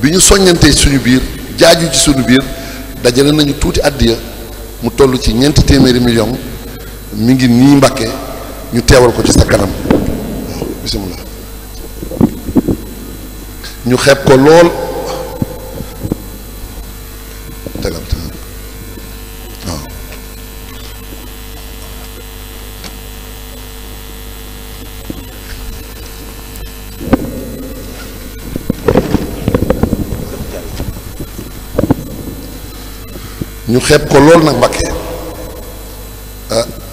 bi ñu soññantee suñu biir jaaju ci suñu biir dajale nañu tuuti àddiya mu toll ci ñeenti téeméeri million mi ngi nii Mbàkke ñu teewal ko ci sa kanam waaw ñu xeeb ko lool tegal ñu xeeb ko lool nag Mbàkke ah